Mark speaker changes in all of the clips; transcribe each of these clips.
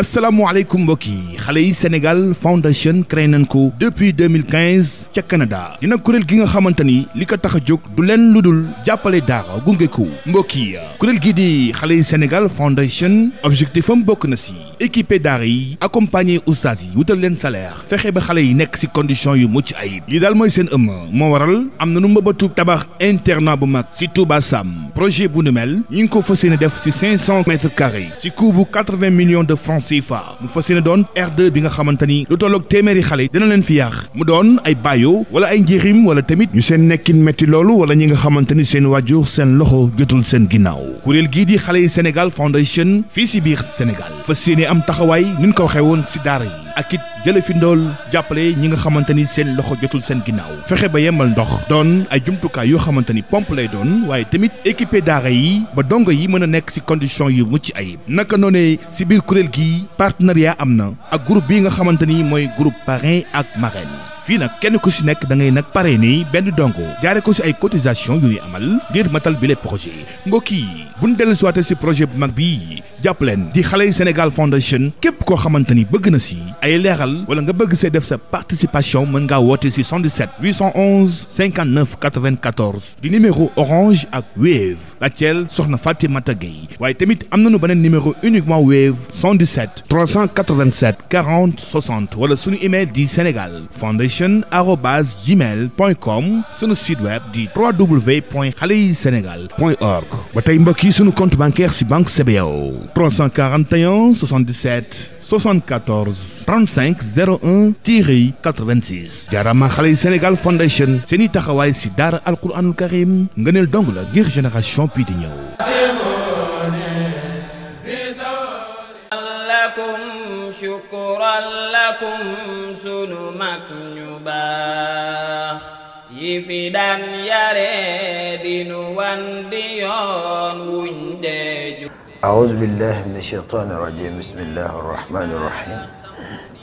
Speaker 1: asalaamaaleykum mbokk yi xale yi Sénégal Foundation créé nañ ko depuis 2015 ca Canada dina kuréel gi nga xamante ni li ko tax a jóg du leen lu dul jàppale daara gunge ko mbokk yi kuréel gii di xale yi Sénégal Foundation objectif am bokk na si équipe daara yi accompagner oustaz yi wutal leen salaire fexe ba xale yi nekk si condition yu mucc ay li daal mooy seen ëmm moo waral am na nu mbëbatu tabax internat bu mag si Touba Sam projet bu nu mel ñu ngi ko fas yéene def si 500 mètres carrés si coût bu 80 millions de francs CFA wadd bi nga xamante ni lu tolloog téeméeri xale dina leen fi yaax mu doon ay bàyyo wala ay njirim wala tamit ñu seen nekkin métti loolu wala ñi nga xamante ni seen wàjjur seen loxo jotul seen ginnaaw kuréel gii di xale yi Sénégal Foundation fii si biir Sénégal fas yéene am taxawaay ni ñu ko waxee woon si daara yi ak it jële jàppale ñi nga xamante ni seen loxo jotul seen ginnaaw fexe ba yemal ndox doon ay jumtukaay yoo xamante ni pompe lay doon waaye tamit équipe daara yi ba dongo yi mën a nekk ci condition yu mucc ayib naka noonee ci biir kuréel gi partenariat am na ak groupe bi nga xamante ni mooy groupe parrain ak marraine fii nag kenn ku si nekk da ngay nag pare nii benn dongo jaare ko si ay cotisation yu ñuy amal ngir matal bi les projets mbokk yi bu dell dellu siwaate si projet bu mag bii jàppaleen di xale yi Sénégal Foundation képp koo xamante ni bëgg na si ay leeral wala nga bëgg see def sa participation mën ngaa woote si 77 811 59 94 di numéro orange ak Wave laajteel soxna Fatimata Gueye waaye tamit am na nañu beneen numéro uniquement Wave 117 387 40 60 wala suñu email di Sénégal Foundation station arobase gmail point com sunu site web di www point xaleyi sénégal point org ba tey mbokk yi sunu compte bancaire si banque CBAO 341 77 74 35 01 sénégal fondation seeni taxawaay si daara alquranul karim ngëneel dong la ngir génération bii di ñëw
Speaker 2: baax yi fi daan yare dinu wan di yoon wuñ deju أعوذ بالله من الشيطان الرجيم بسم الله الرحمن الرحيم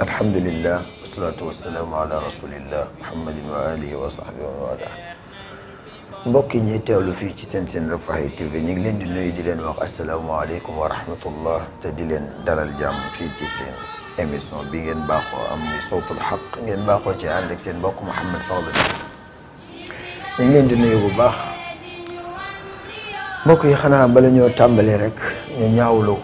Speaker 2: الحمد لله والصلاة والسلام على رسول الله محمد وآله وصحبه وآله mbokk yi ñuy teewlu fii ci seen seen Rafah TV ñu ngi leen di nuyu di leen wax asalaamaaleykum wa rahmatullah te di leen dalal jàmm fii ci seen émission bi ngeen baaxoo am ni sawtul xaq ngeen baaxoo ci ànd ak seen mbokk Mouhamed Fadel ñu ngi leen di nuyu bu baax mbokk yi xanaa bala ñoo tàmbali rek ñu ñaawlu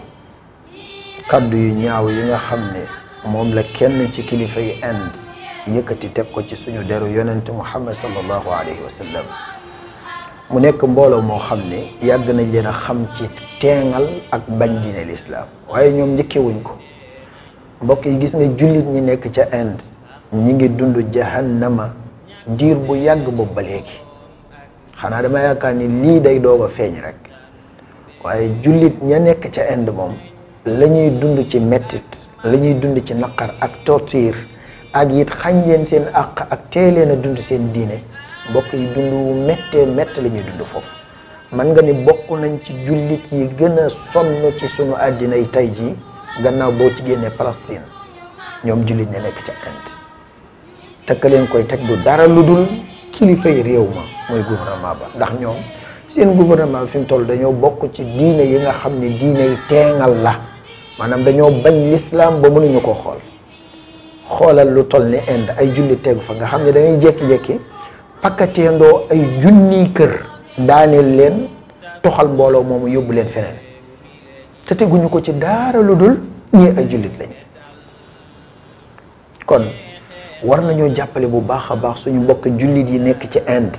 Speaker 2: kàddu yu ñaaw yi nga xam ne moom la kenn ci kilifa yi ànd yëkkati teg ko ci suñu deru yonent Muhammad sallallahu alayhi wa sallam mu nekk mbooloo moo xam ne yàgg nañ leen a xam ci teengal ak bañ diine lislaam waaye ñoom njëkkewuñ ko mbokk yi gis nga jullit ñi nekk ca Inde ñi ngi dund jahannama diir bu yàgg boobu ba léegi xanaa dama yaakaar ni lii day doog a feeñ rek waaye jullit ña nekk ca Inde moom lañuy dund ci mettit la ñuy dund ci naqar ak torture ak yit xañ leen seen àq ak teeleen a dund seen diine mbokk yi dund wu méttee métt la dund foofu man nga ni bokk nañ ci jullit yi gën a sonn ci sunu àddina yi tey jii gannaaw boo ci génnee Palestine ñoom jullit ña nekk ca Inde te ka leen koy teg du dara lu dul kilifay réew ma mooy gouvernement ba ndax ñoom seen gouvernement fi mu toll dañoo bokk ci diine yi nga xam ne diine yi teengal la maanaam dañoo bañ lislaam ba mënuñu ko xool xoolal lu tol ni Inde ay julli tegu fa nga xam ne dañuy jékki-jékki pakkateendoo ay junniy kër daaneel leen toxal mbooloo moom yóbbu leen feneen te teguñu ko ci daara lu dul ñii ay jullit lañ kon war nañoo jàppale bu baax a baax suñu mbokk jullit yi nekk ci Inde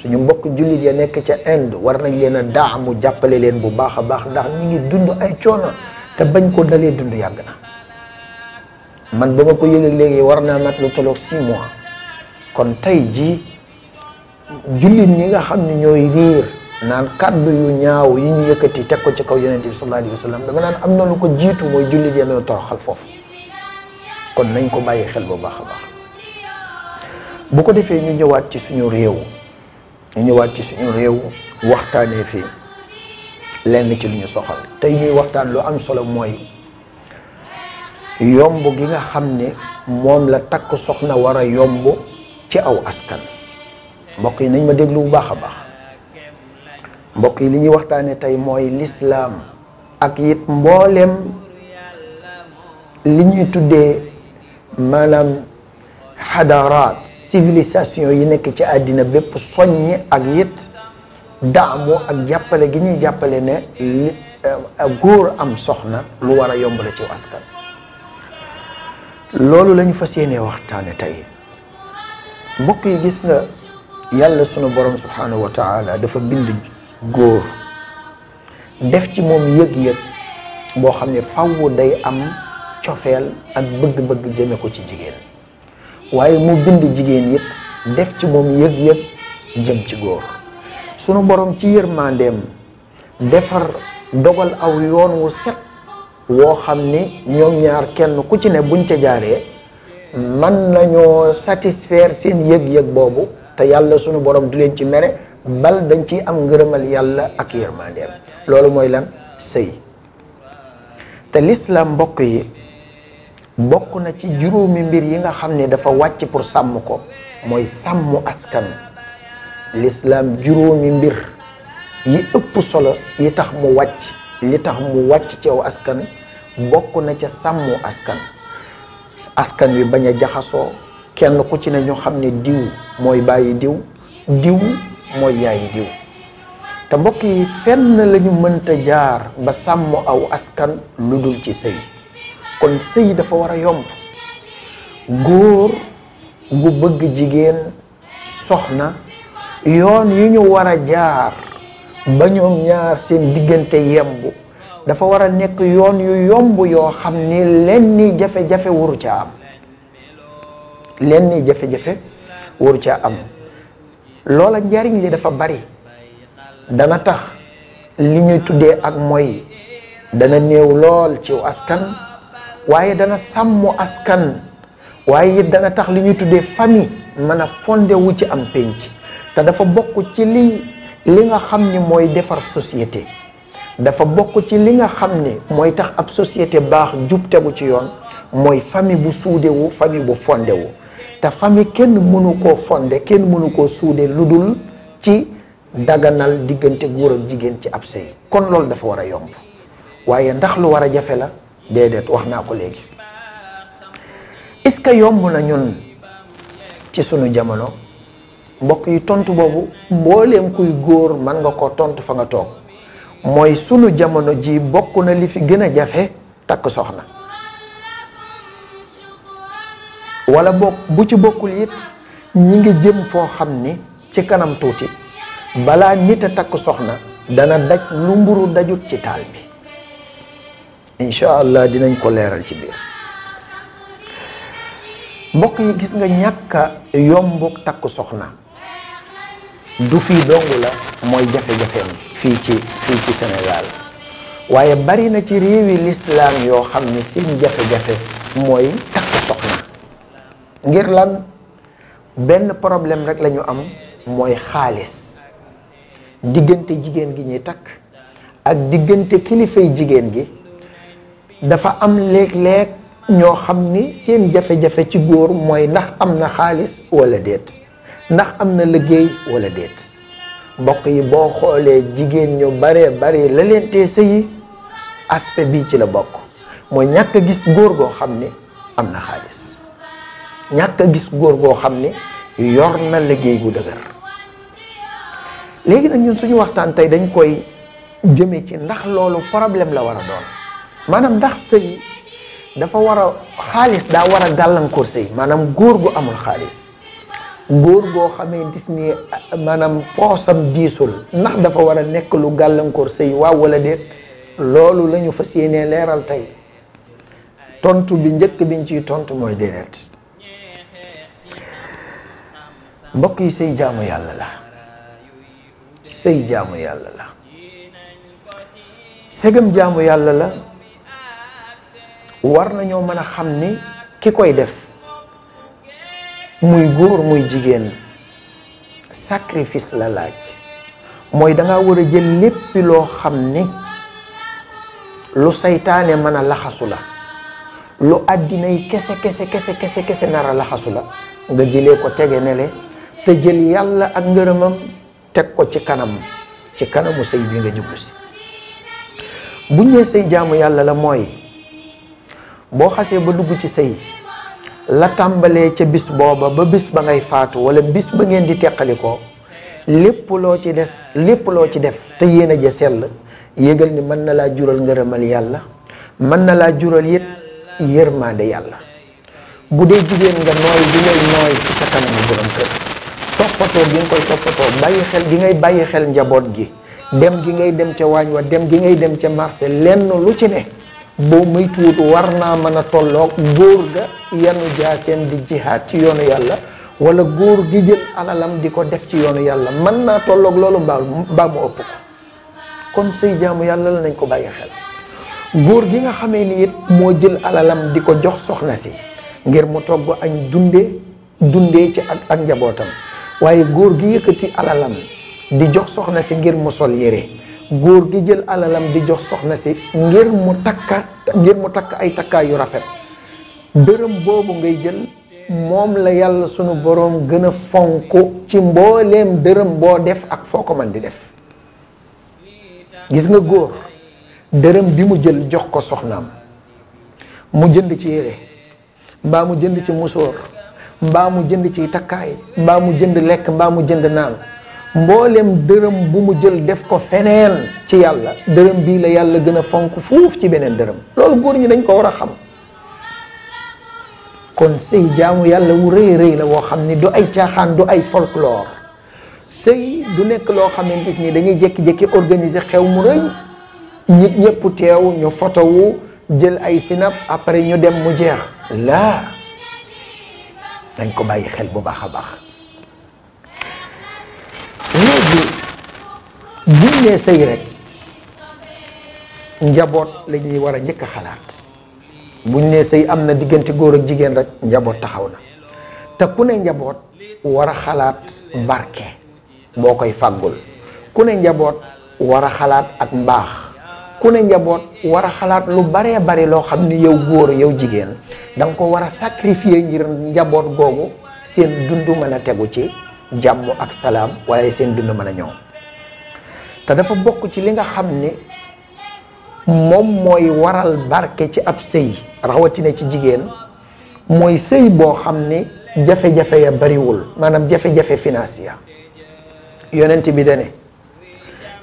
Speaker 2: suñu mbokk jullit yi nekk ci Inde war nañ leen a daa mu jàppale leen bu baax a baax ndax ñu ngi dund ay coono te bañ koo dalee dund yàgg na man ba ma ko yëgee léegi war naa mat lu tolloog six mois kon tey jii jullit ñi nga xam ne ñooy riir naan kaddu yu ñaaw yi ñu yëkkati teg ko ci kaw yonent bi sallallahu alayhi wa dama naan am na lu ko jiitu mooy jullit yi ñoo toroxal foofu kon nañ ko bàyyi xel bu baax a baax bu ko defee ñu ñëwaat ci suñu réew ñu ñëwaat ci suñu réew waxtaanee fii lenn ci lu ñu soxal tey ñuy waxtaan lu am solo mooy yomb gi nga xam ni moom la takk soxna war a yomb ci aw askan mbokk yi nañ ma déglu bu baax a baax mbokk yi li ñuy waxtaane tey mooy lislaam ak it mboolem li ñuy tuddee maanaam xadaraat civilisation yi nekk ci àddina bépp soññi ak it daamu ak jàppale gi ñuy jàppale ne li euh, góor am soxna lu war a yomb la ci askan loolu lañu fas yéenee waxtaane tey mbokk yi gis nga yàlla sunu borom subhanahu wa taala dafa bind góor def ci moom yëg-yëg boo xam ne faww day am cofeel ak bëgg-bëgg jëme ko ci jigéen waaye mu bind jigéen it def ci moom yëg-yëg jëm ci góor sunu boroom ci yërmandeem defar dogal aw yoon wu set woo xam ni ñoom ñaar kenn ku ci ne buñ ca jaaree man nañoo satisfaire seen yëg-yëg boobu te yàlla sunu borom du leen ci mere bal dañ ci am ngërëmal yàlla ak yërmandeem loolu mooy lan sëy te l'islam mbokk yi bokk na ci juróomi mbir yi nga xam ne dafa wàcc pour sàmm ko mooy sàmmu askan l'islam juróomi mbir yi ëpp solo yi tax mu wàcc li tax mu wàcc ci askan bokk na ca sàmmu askan askan wi bañ a jaxasoo kenn ku ci ne xam ne diw mooy bàyyi diw diw mooy yaayi diw te mbokk yi fenn la ñu mënta jaar ba sàmm aw askan lu dul ci sëy kon sëy dafa war a yomb góor gu bëgg jigéen soxna yoon yu ñu war a jaar ba ñoom ñaar seen diggante yemb dafa war a nekk yoon yu yomb yoo xam ni lenni jafe-jafe waru ca am lenn jafe-jafe waru ca am loola njariñ li dafa bari dana tax li ñuy tuddee ak mooy dana néew lool ci askan waaye dana sàmm askan waaye it dana tax li ñuy tuddee famille mën a fondewu ci am pénc te dafa bokk ci li li nga xam ni mooy defar societé dafa bokk ci li nga xam ni mooy tax ab société baax jub tegu ci yoon mooy famille bu suudewu famille bu fondewu te famille kenn mënu koo fonde kenn mënu koo suude lu dul ci daganal diggante góor ak jigéen ci ab sëy kon loolu dafa war a yomb waaye ndax lu war a jafe la déedéet wax naa ko léegi est-ce que yomb na ñun ci sunu jamono mbokk yi tontu boobu mbooleem kuy góor mën nga ko tontu fa nga toog mooy sunu jamono ji bokk na li fi gën a jafe takk soxna wala bokk bu ci bokkul it ñi ngi jëm foo xam ni ci kanam tuuti balaa nit a takk soxna dana daj lu mburu dajut ci taal bi incha allah dinañ ko leeral ci biir mbokk yi gis nga ñàkk a takk soxna du fii dong la mooy jafe-jafeem fii ci fii ci Sénégal waaye bari na ci réewi lislaam yoo xam ni seen jafe-jafe mooy takk soxna ngir lan benn problème rekk lañu am mooy xaalis diggante jigéen gi ñuy takk ak diggante kilifay jigéen gi dafa am léeg-léeg ñoo xam ni seen jafe-jafe ci góor mooy ndax am na xaalis walla déet ndax am na liggéey walla déet mbokk yi boo xoolee jigéen ñu baree bare la leen tee sëyi aspect bii ci la bokk mooy ñàkk a gis góor goo xam ni am na xaalis ñàkk a gis góor goo xam ne yor na liggéey bu dëgër léegi nag ñun suñu waxtaan tey dañ koy jëme ci ndax loolu problème la war a doon maanaam ndax sëy dafa war a xaalis daa war a gàllankoor sëy maanaam góor gu amul xaalis góor goo xam xamee gis ni maanaam poosam diisul ndax dafa war a nekk lu gàllankoor sëy waaw wala déet loolu lañu ñu fas yéenee leeral tey tontu bi njëkk biñ ciy tontu mooy déedéet mbokk yi say jaamu yàlla la say jaamu yàlla la segam jaamu yàlla la war nañoo mën a xam ni ki koy def muy góor muy jigéen sacrifice la laaj mooy danga war a jël léppi loo xam ni lu saytaane mën a laxasu la lu àddinay kese kese kese kese kese nar a laxasu la nga jëlee ko tege nele te jël yàlla ak ngërëmam teg ko ci kanam ci kanamu sëy bi nga jublu si bu ñëwee sëy jaamu yàlla la mooy boo xasee ba dugg ci sëy la tàmbalee ca bis booba ba bis ba ngay faatu wala bis ba ngeen di teqali ko lépp loo ci des lépp loo ci def te yéen a ja sell yégal ni mën na laa jural ngërëmal yàlla mën na laa jural it yërmaande yàlla bu dee jigéen nga nooy bi ngay nooy ci sa kanamu borom kër toppatoo gi nga koy toppatoo bàyyi xel gi ngay bàyyi xel njaboot gi dem gi ngay dem ca waañ wa dem gi ngay dem ca marché lenn lu ci ne boo moytuwut war naa mën a tollook góor ga di jihaad ci yoonu yàlla wala góor gi jël alalam di ko def ci yoonu yàlla man naa tollook loolu mbaa mbaa mu ëpp ko kon say jaamu yàlla la nañ ko bàyyi xel góor gi nga xamee ni moo jël alalam di ko jox soxna si ngir mu togg añ dunde dundee ci ak njabootam waaye góor gi yëkkati alalam di jox soxna si ngir mu sol yére góor gi jël alalam di jox soxna si ngir mu takka ngir mu takk ay takkaay yu rafet dërëm boobu ngay jël moom la yàlla sunu boroom gën a fonk ci mbooleem dërëm boo def ak foo ko man di def gis nga góor dërëm bi mu jël jox ko soxnaam mu jënd ci yére mbaa mu jënd ci musóor mbaa mu jënd ci takkaay mbaa mu jënd lekk mbaa mu jënd naan mboolem dërëm bu mu jël def ko feneen ci yàlla dërëm bii la yàlla gën a fonk fuuf ci beneen dërëm loolu góor ñi dañ ko war a xam kon sëy jaamu yàlla wu rëy rëy la woo xam ni du ay caaxaan du ay folklore sëy du nekk loo xamante nii dañuy jékki-jékki organiser xew mu rëy nit ñëpp teew ñu fotowu jël ay sinap après ñu dem mu jeex laa nañ ko bàyyi xel bu baax a baax léegi buñ nee sëy rek njaboot la ñuy war a njëkk a xalaat buñ nee sëy am na diggante góor ak jigéen rek njaboot taxaw na te ku ne njaboot war a xalaat barke boo koy fàggul ku ne njaboot war a xalaat ak mbaax ku ne njaboot war a xalaat lu baree bari loo xam ni yow góor yow jigéen danga ko war a sacrifier ngir njaboot googu seen dund mën a tegu ci jàmm ak salaam waaye seen dund mën a ñëw te dafa bokk ci li nga xam ni moom mooy waral barke ci ab sëy rawatina ci jigéen mooy sëy boo xam ni jafe-jafe ya bariwul maanaam jafe-jafe financier yonent bi dane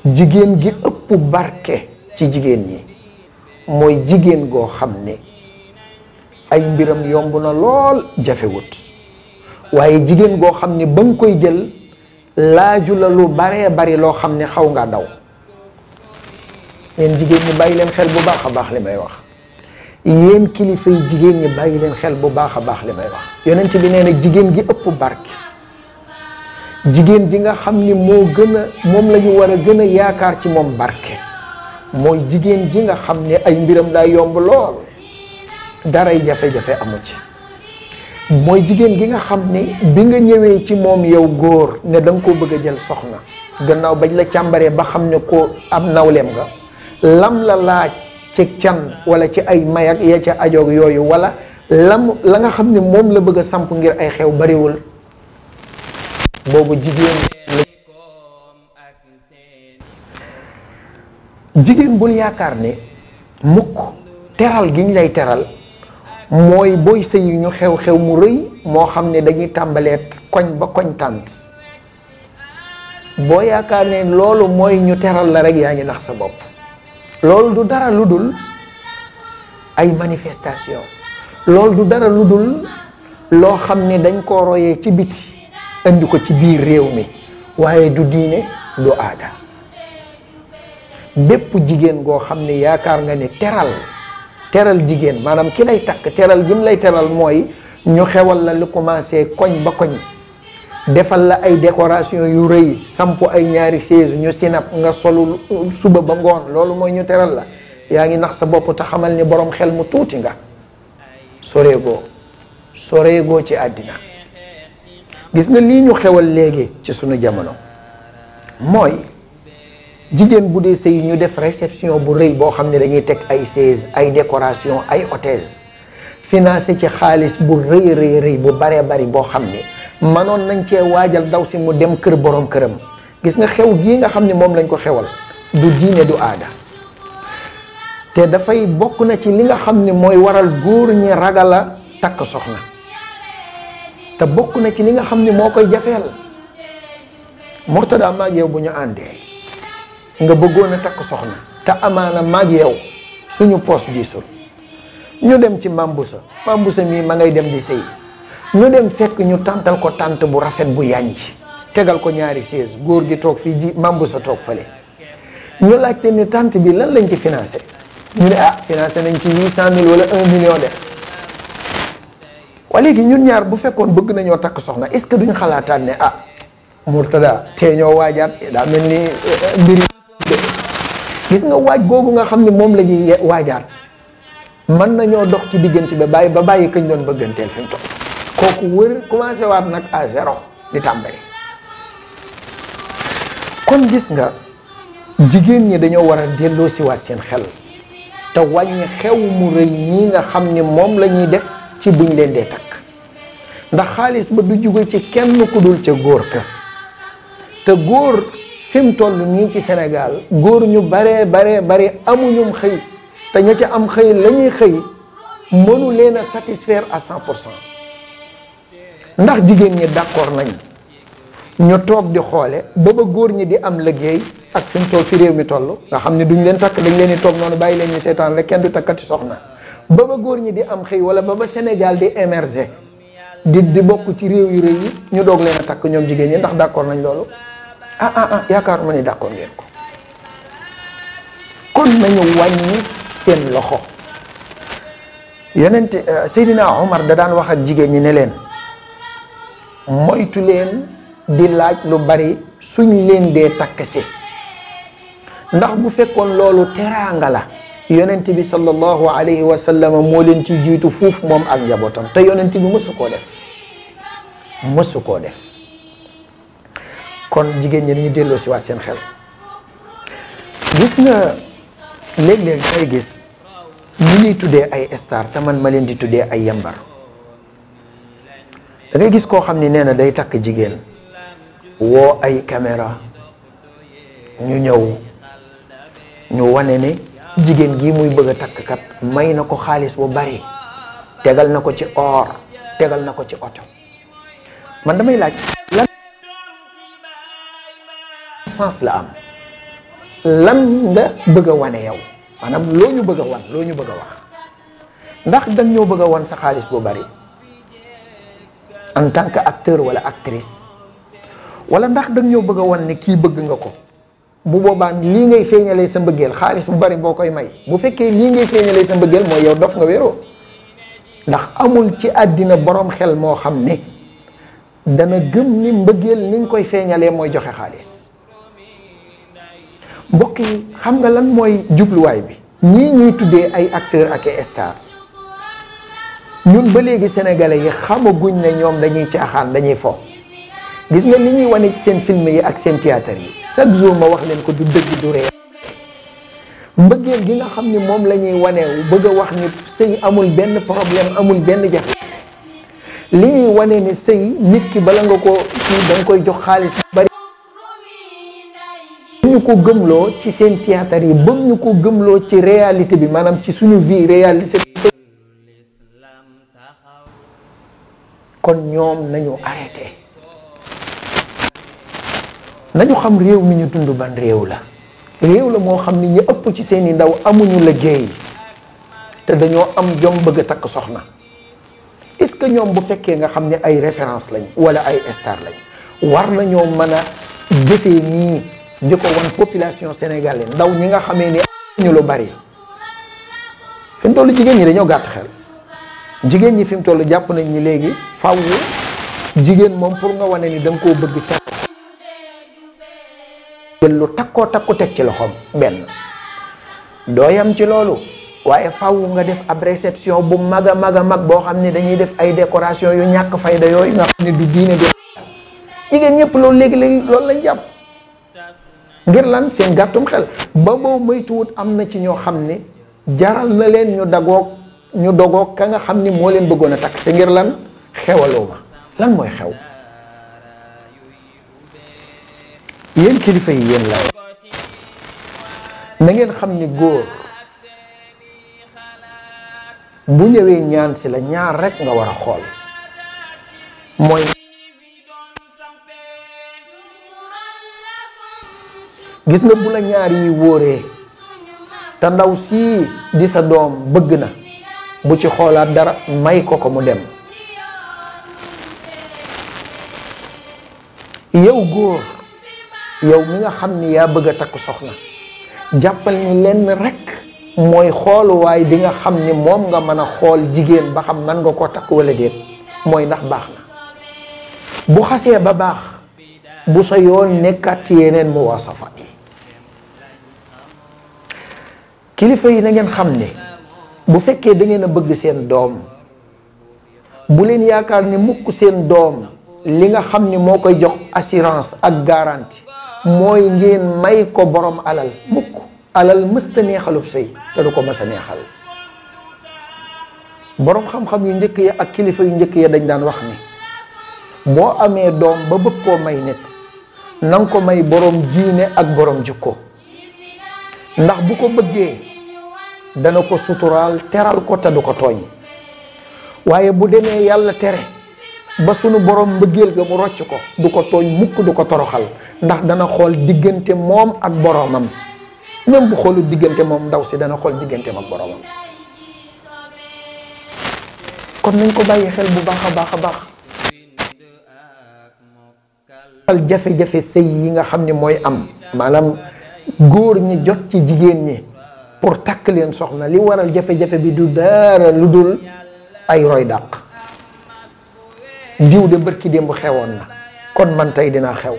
Speaker 2: jigéen gi ëpp barke ci jigéen ñi mooy jigéen goo xam ni ay mbiram yomb na lool jafewut waaye jigéen goo xam ne ba nga koy jël laaju la lu baree bari loo xam ne xaw nga daw yéen jigéen ñi bàyyi leen xel bu baax a baax li may wax yéen kilifay jigéen ñi bàyyi leen xel bu baax a baax li may wax yonent bi nee jigéen gi ëpp barke jigéen ji nga xam ni moo gën a moom la war a gën a yaakaar ci moom barke mooy jigéen ji nga xam ne ay mbiram daa yomb lool daray jafe-jafe amu ci mooy jigéen gi nga xam ni bi nga ñëwee ci moom yow góor ne da nga koo bëgg a jël soxna gannaaw bañ la càmbaree ba xam ne ko am nawleem nga lam la laaj ci can walla ci ay mayak ya ci ajoog yooyu wala lam la nga xam ne moom la bëgg a samp ngir ay xew bariwul boobu jigéen itam bul yaakaar ne mukk teral gi ñu lay teral mooy booy sëy ñu xew-xew mu rëy moo xam ne dañuy tàmbaleet koñ ba koñ tànt boo yaakaar ne loolu mooy ñu teral la rek yaa ngi nax sa bopp loolu du dara lu dul ay manifestation loolu du dara lu dul loo xam ne dañ ko royee ci biti indi ko ci biir réew mi waaye du diine du aada bépp jigéen goo xam ne yaakaar nga ne teral teral jigéen maanaam ki lay takk teral gi mu lay teral mooy ñu xewal la lu commencé koñ ba koñ defal la ay décoration yu rëy samp ay ñaari chaise ñu sinap nga solu suba ba ngoon loolu mooy ñu teral la yaa ngi nax sa bopp te xamal ni borom xel mu tuuti nga soreegoo soreegoo ci àddina gis nga lii ñu xewal léegi ci suñu jamono mooy jigéen bu dee sëy ñu def réception bu rëy boo xam ne dañuy teg ay chaise ay décoration ay hôtesse financé ci xaalis bu rëy rëy rëy bu baree bari boo xam ne manoon nañ cee waajal daw si mu dem kër boroom këram gis nga xew gii nga xam ne moom lañ ko xewal du diine du aada te dafay bokk na ci li nga xam ne mooy waral góor ñi ragala takk soxna te bokk na ci li nga xam ne moo koy jafeel Murtada maag yow bu ñu àndee nga bëggoon a takk soxna te amaana maag yow suñu poos gisul ñu dem ci mambusa mambusa mii ma ngay dem di sëy ñu dem fekk ñu tàntal ko tànt bu rafet bu yànj tegal ko ñaari chaise góor gi toog fii ji mambusa toog fële ñu laajte ni tànt bi lan lañ ci financé ñu ne ah financé nañ ci huit cent mille wala un million def wa léegi ñun ñaar bu fekkoon bëgg nañoo takk soxna est-ce que duñ xalaataan ne ah Mourtada tee ñoo waajaat daa mel ni eh, eh, mbiri gis nga waaj googu nga xam ne moom la ñuy waajaar mën nañoo dox ci diggante bi bàyyi ba bàyyi kañ doon bëgganteel fi mu toll kooku wër commencé waat nag à zéro di tàmbali kon gis nga jigéen ñi dañoo war a delloo si waat seen xel te wàññi xew mu rëy ñi nga xam ne moom la ñuy def ci buñ leen dee takk ndax xaalis ba du jóge ci kenn ku dul ca góor ka te góor fi mu toll nii ci Sénégal góor ñu baree baree bare amuñum xëy te ña ca am xëy lañuy xëy mënu leen a satisfaire à cent pour cent ndax jigéen ñi d'accord nañ ñu toog di xoole ba ba góor ñi di am liggéey ak fi mu toll fi réew mi toll nga xam ne duñ leen takk dañ leen di toog noonu bàyyi leen ñu seetaan rek kenn du takkati soxna ba ba góor ñi di am xëy wala ba ba Sénégal di émerger di di bokk ci réew yu réew yi ñu doog leen takk ñoom jigéen ñi ndax d'accord nañ loolu ah ah ah yaakaaruma ne d'accord ngeen ko kon nañu wàññi seen loxo yonente eh, Seydina Omar da daan wax ak jigéen ñi ne leen moytu leen di laaj lu bari suñ leen dee takkase ndax bu fekkoon loolu teraanga la yonent bi sallallahu alayhi wa sallam moo leen ci jiitu fuuf moom ak njabootam te yonent bi mësu koo def mësu koo def kon jigéen ñi ñu delloo si waat seen xel gis nga léeg-léeg ngay gis ñu ñuy tuddee ay star te man ma leen di tuddee ay yambar da gis koo xam ne nee na day takk jigéen woo ay caméra ñu ñëw ñu wane ne jigéen gi muy bëgg a takk kat may na ko xaalis bu bari tegal na ko ci or tegal na ko ci oto man damay laaj sens la am lan nga bëgg a wane yow maanaam loo ñu bëgg a wan loo ñu bëgg wax ndax dañ ñoo bëgg a wan sa xaalis bu bari en tant que acteur wala actrice wala ndax dañ ñoo bëgg a wan ne kii bëgg nga ko bu boobaan lii ngay feeñalee sa mbëggeel xaalis bu bari boo koy may bu fekkee lii ngay feeñalee sa mbëggeel mooy yow dof nga wéroo ndax amul ci àddina boroom xel moo xam ne dana gëm ni mbëggeel ni koy feeñalee mooy joxe xaalis mbokk yi xam nga lan mooy jubluwaay bi ñii ñuy tuddee ay acteurs ak ay stars ñun ba léegi sénégalais yi xamaguñ ne ñoom dañuy caaxaan dañuy fo gis nga li ñuy wane ci seen film yi ak seen théâtre yi chaque jour ma wax leen ko du dëgg du réer mbëggeel gi nga xam ni moom lañuy wane bëgg a wax ni sëy amul benn problème amul benn jafe li ñuy wane ni sëy nit ki bala nga ko kii koy jox xaalis bari ñu ko gëmloo ci seen théâtre yi ba ñu ko gëmloo ci réalité bi maanaam ci suñu vie réalité kon ñoom nañu arrêté nañu xam réew mi ñu dund ban réew la réew la moo xam ni ñu ëpp ci seeni ndaw amuñu liggéey te dañoo am jom bëgg a takk soxna est-ce que ñoom bu fekkee nga xam ne ay référence lañ wala ay star lañ war nañoo mën a defee nii di ko wan population sénégalaise ndaw ñi nga xamee ni ñu lu bari fi mu toll jigéen ñi dañoo gàtt xel jigéen ñi fi mu toll jàpp nañ ni léegi faw jigéen moom pour nga wane ni da nga koo bëgg ca jël lu takkoo takku teg ci loxoom benn doo yam ci loolu waaye faw nga def ab réception bu mag a mag a mag boo xam ne dañuy def ay décoration yu ñàkk fayda yooyu nga xam ne du diine du jigéen ñëpp loolu léegi léegi loolu lañ jàpp ngir lan seen gàttum xel ba boo moytuwut am na ci ñoo xam ne jaral na leen ñu dagoog ñu dogoog ka nga xam ni moo leen bëggoon a takk te ngir lan xewaloo ma lan mooy xew yéen kilifa yi yéen la na ngeen xam ni góor bu ñëwee ñaan si la ñaar rekk nga war a xool mooy gis nga bu la ñaar yi wóoree te ndaw sii di sa doom bëgg na bu ci xoolaat dara may ko ko mu dem yow góor yow mi nga xam ni yaa bëgg a takk soxna jàppal ni lenn rekk mooy xooluwaay bi nga xam ni moom nga mën a xool jigéen ba xam man nga ko takk walla déet mooy ndax baax na bu xasee ba baax bu sa yoon nekkaat ci yeneen mu wasafa kilifa yi nangeen xam ne bu fekkee da ngeen a bëgg seen doom bu leen yaakaar ne mukk seen doom li nga xam ni moo koy jox assurance ak garantie mooy ngeen may ko boroom alal mukk alal mësta neexalub sëy te du ko mës a boroom borom xam-xam yu njëkk ya ak kilifa yu njëkk ya dañ daan wax ni boo amee doom ba bëgg koo may nit na ko may boroom diine ak borom jikko ndax bu ko bëggee dana ko suturaal teral ko te du ko tooñ waaye bu demee yàlla tere ba sunu borom mbëggeel ga mu rocc ko du ko tooñ mukk du ko toroxal ndax dana xool diggante moom ak boroomam même bu xoolu diggante moom ndaw si dana xool digganteem ak boromam kon nañ ko bàyyi xel bu baax a baax a baax al jafe-jafe sëy yi nga xam ni mooy am maanaam góor ñi jot ci jigéen ñi pour takk leen soxna li waral jafe-jafe bi du dara lu dul ay roy dàq diw de bërki démb xewoon na kon man tey dinaa xew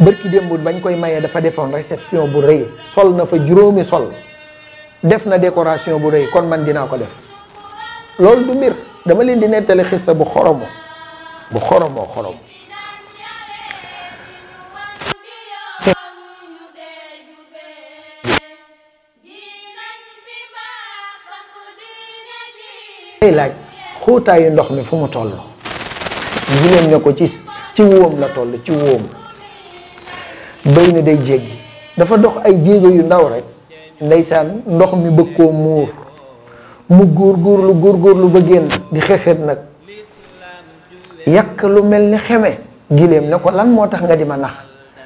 Speaker 2: bërki démb bañ koy mayee dafa defoon réception bu rëy sol na fa juróomi sol def na décoration bu rëy kon man dinaa ko def loolu du mbir dama leen di nettali xissa bu xoromo bu xoromoo xoromo koy laaj xuutaayu ndox mi fu mu toll giléem ne ko ci ci wóom la toll ci wóom béy na day jéggi dafa dox ay jéego yu ndaw rek ndeysaan ndox mi bëgg koo muur mu lu góorgóorlu lu ba génn di xefet nag yàq lu mel ni xeme giléem ne ko lan moo tax nga di ma nax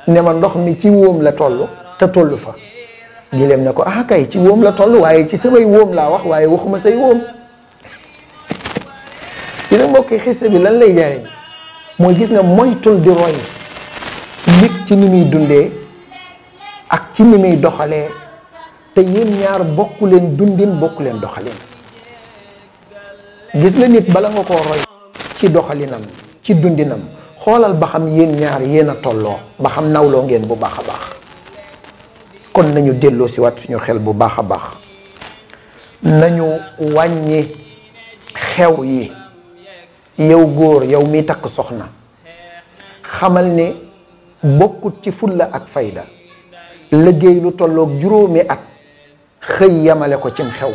Speaker 2: ne ma ndox mi ci wóom la toll te toll fa giléem ne ko ah kay ci wóom la toll waaye ci samay wóom laa wax waaye waxuma say wóom yéen mbokk yi xiste bi lan lay jaay mooy gis nga moytul di roy nit ci ni muy dundee ak ci ni muy doxalee te yéen ñaar bokku leen dundin bokku leen doxalin gis nga nit bala nga koo roy ci doxalinam ci dundinam xoolal ba xam yéen ñaar yéen tolloo ba xam nawloo ngeen bu baax a baax kon nañu delloo si waat suñu xel bu baax a baax nañu wàññi xew yi yow góor yow mi takk soxna xamal ni bokkut ci fulla ak fayda liggéey lu tollook juróomi at xëy yamale ko cim xew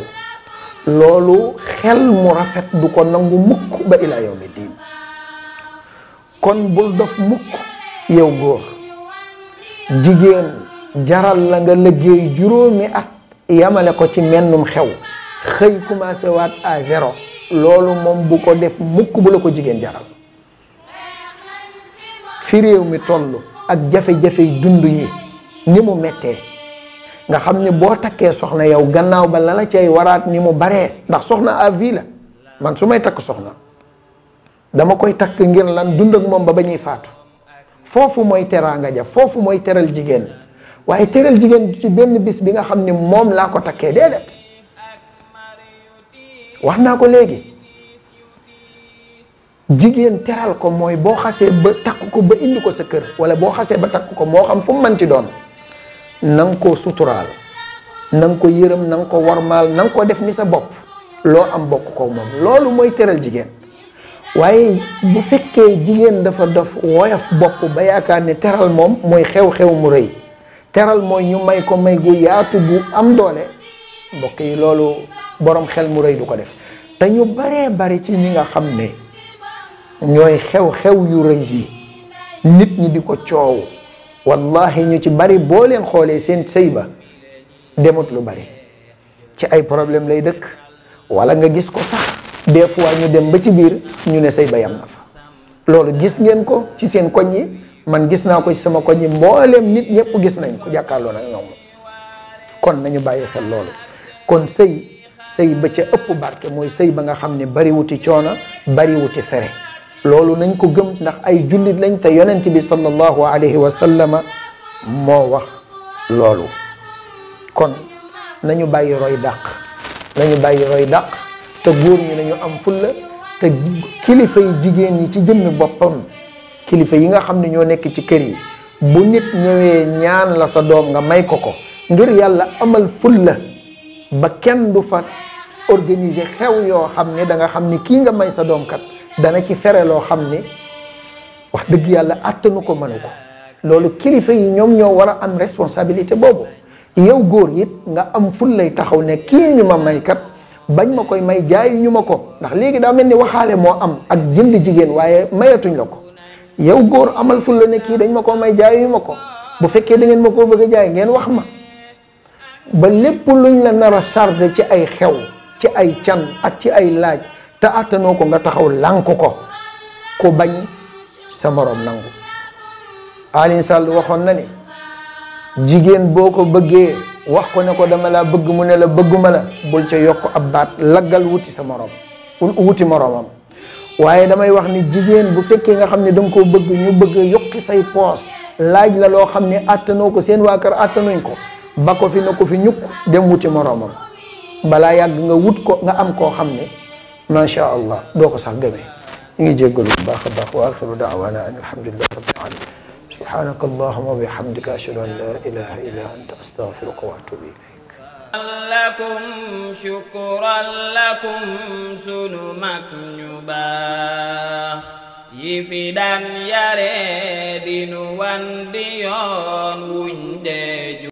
Speaker 2: loolu xel mu rafet du ko nangu mukk ba ilaa yawmi diin kon bul dof mukk yow góor jigéen jaral la nga liggéey juróomi at yamale ko ci mennum xew xëy commencé waat à loolu moom bu ko def mukk bu la ko jigéen jaral fi réew mi tollu ak jafe-jafe dund yi ni mu mettee nga xam ne boo takkee soxna yow gannaaw ba lala la cay waraat ni mu baree ndax soxna à vie la man su may takk soxna dama koy takk ngir lan dund ak moom ba ba ñuy faatu foofu mooy teraanga ja foofu mooy teral jigéen waaye teral jigéen ci benn bis bi nga xam ne moom laa ko takkee déedéet wax naa ko léegi jigéen teral ko mooy boo xasee ba takk ko ba indi ko sa kër wala boo xasee ba takk ko moo xam fu mu manti doon na nga koo suturaal na ko yërëm na ko warmaal na nga ko def ni sa bopp loo am bokk ko moom loolu mooy teral jigéen waaye bu fekkee jigéen dafa dof woyof bopp ba yaakaar ne teral moom mooy xew-xew mu rëy teral mooy ñu may ko may gu yaatu bu am doole mbokk yi loolu boroom xel mu rëy du ko def te ñu baree bari ci ñi nga xam ne ñooy xew-xew yu rëy yi nit ñi di ko coow wallahi ñu ci bari boo leen xoolee seen sëy ba demut lu bari ci ay problème lay dëkk wala nga gis ko sax des fois ñu dem ba ci biir ñu ne sëy ba yam na fa loolu gis ngeen ko ci seen koñ yi man gis naa ko ci sama koñ yi mbooleem nit ñëpp gis nañ ko jàkkaarloo nag ñoom kon nañu bàyyi xel loolu kon sëy sëy ba ca ëpp barke mooy sëy ba nga xam ne bariwuti coono bariwuti fere loolu nañ ko gëm ndax ay jullit lañ te yonent bi sallallahu alayhi wa sallama moo wax loolu kon nañu bàyyi roy dàq nañu bàyyi roy dàq te góor ñi nañu am fulla te kilifa yi jigéen ñi ci jëmmi boppam kilifa yi nga xam ne ñoo nekk ci kër yi bu nit ñëwee ñaan la sa doom nga may ko ko ngir yàlla amal fulla ba kenn du fa organiser xew yoo xam ne da nga xam ni kii nga may sa doom kat dana ci fere loo xam ni wax dëgg yàlla àttanu ko mënu ko loolu kilifa yi ñoom ñoo war a am responsabilité boobu yow góor it nga am ful lay taxaw ne kii ñu ma may kat bañ ma koy may jaay ñu ma ko ndax léegi daa mel ni waxaale moo am ak jënd jigéen waaye mayatuñ la ko yow góor amal ful la ne kii dañ ma ko may jaay ñu ma ko bu fekkee da ngeen ma koo bëgg a jaay ngeen wax ma. ba lépp luñ la nar a chargé ci ay xew ci ay can ak ci ay laaj te attanoo ko nga taxaw lànk ko ku bañ sa moroom nangu Alioune Sall waxoon na ni jigéen boo ko bëggee wax ko ne ko dama la bëgg mu ne la bëgguma la bul ca yokk ab baat laggal wuti sa moroom wuti moromam waaye damay wax ni jigéen bu fekkee nga xam ne danga ko bëgg ñu bëgg yokki say poos laaj la loo xam ne attanoo ko seen waa kër attanuñ ko ba ko fi na ko fi ñukk dem wuti moroomam balaa yàgg nga wut ko nga am koo xam ne macha allah doo ko sax gëmee ñu ngi jéggalu bu baax a baax wa axiru daawana an alhamdulillahi rabbil alamin subhanaka allahuma wa bihamdika ashhadu an la ilaha illa anta astaghfiruka wa atubu ilayk lakum shukran lakum sunu mag ñu baax yi fi daan yare dinu wan di yoon wuñ dee